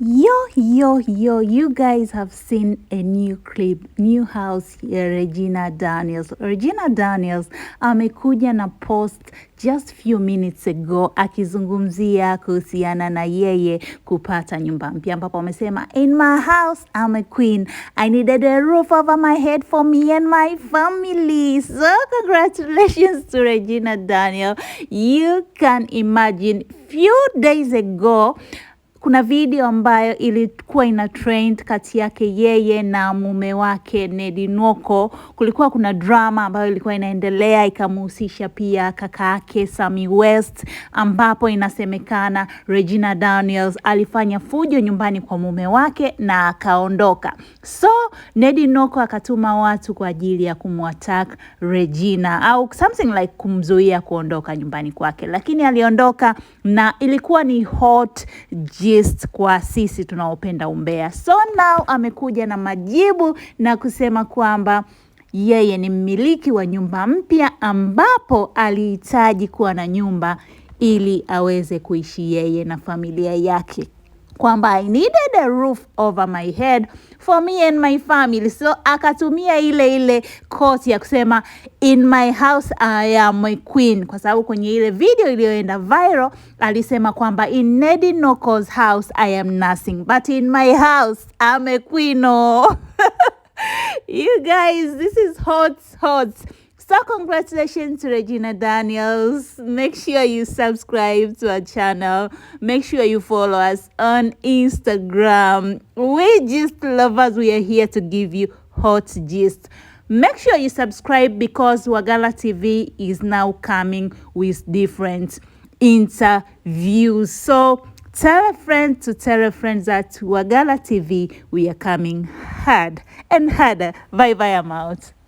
Yo, yo, yo, you guys have seen a new clip, new house here, Regina Daniels. Regina Daniels amekuja na post just few minutes ago akizungumzia kuhusiana na yeye kupata nyumba mpya, ambapo amesema in my house I'm a queen, I needed a roof over my head for me and my family. So congratulations to Regina Daniel. You can imagine few days ago kuna video ambayo ilikuwa ina trend kati yake yeye na mume wake Nedi Nwoko. Kulikuwa kuna drama ambayo ilikuwa inaendelea ikamhusisha pia kaka yake Sami West, ambapo inasemekana Regina Daniels alifanya fujo nyumbani kwa mume wake na akaondoka. So Nedi Nwoko akatuma watu kwa ajili ya kumwattack Regina au something like kumzuia kuondoka nyumbani kwake, lakini aliondoka na ilikuwa ni hot least kwa sisi tunaopenda umbea. So now amekuja na majibu na kusema kwamba yeye ni mmiliki wa nyumba mpya ambapo alihitaji kuwa na nyumba ili aweze kuishi yeye na familia yake kwamba I needed a roof over my head for me and my family. So akatumia ile ile quote ya kusema in my house I am a queen, kwa sababu kwenye ile video iliyoenda viral alisema kwamba in Nedi Noko's house I am nothing but in my house I'm a queen. Oh. You guys, this is hot hot. So congratulations to Regina Daniels. Make sure you subscribe to our channel. Make sure you follow us on Instagram. We just lovers. We are here to give you hot gist. Make sure you subscribe because Wagala TV is now coming with different interviews. So tell a friend to tell a friend that Wagala TV, we are coming hard and harder. Bye bye, I'm out.